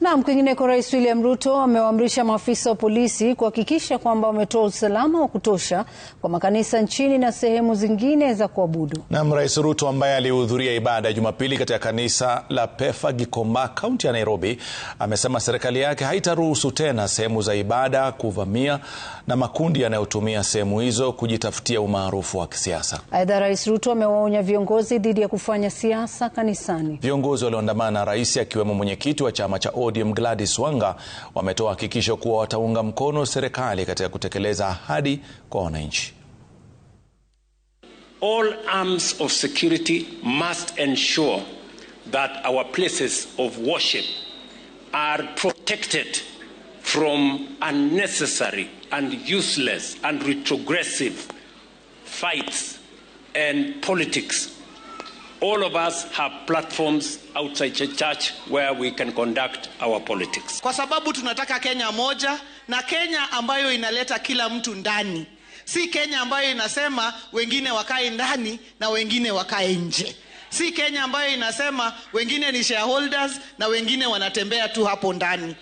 Naam, kwingineko Rais William Ruto amewaamrisha maafisa wa polisi kuhakikisha kwamba wametoa usalama wa kutosha kwa makanisa nchini na sehemu zingine za kuabudu. Naam, Rais Ruto ambaye alihudhuria ibada ya Jumapili katika kanisa la Pefa Gikomba, kaunti ya Nairobi, amesema serikali yake haitaruhusu tena sehemu za ibada kuvamia na makundi yanayotumia sehemu hizo kujitafutia umaarufu wa kisiasa. Aidha, Rais Ruto amewaonya viongozi dhidi ya kufanya siasa kanisani. Viongozi walioandamana na rais akiwemo mwenyekiti wa chama cha ODM Gladys Wanga wametoa hakikisho kuwa wataunga mkono serikali katika kutekeleza ahadi kwa wananchi. All arms of security must ensure that our places of worship are protected from unnecessary and useless and retrogressive fights and politics all of us have platforms outside the church where we can conduct our politics. Kwa sababu tunataka Kenya moja na Kenya ambayo inaleta kila mtu ndani, si Kenya ambayo inasema wengine wakae ndani na wengine wakae nje, si Kenya ambayo inasema wengine ni shareholders na wengine wanatembea tu hapo ndani.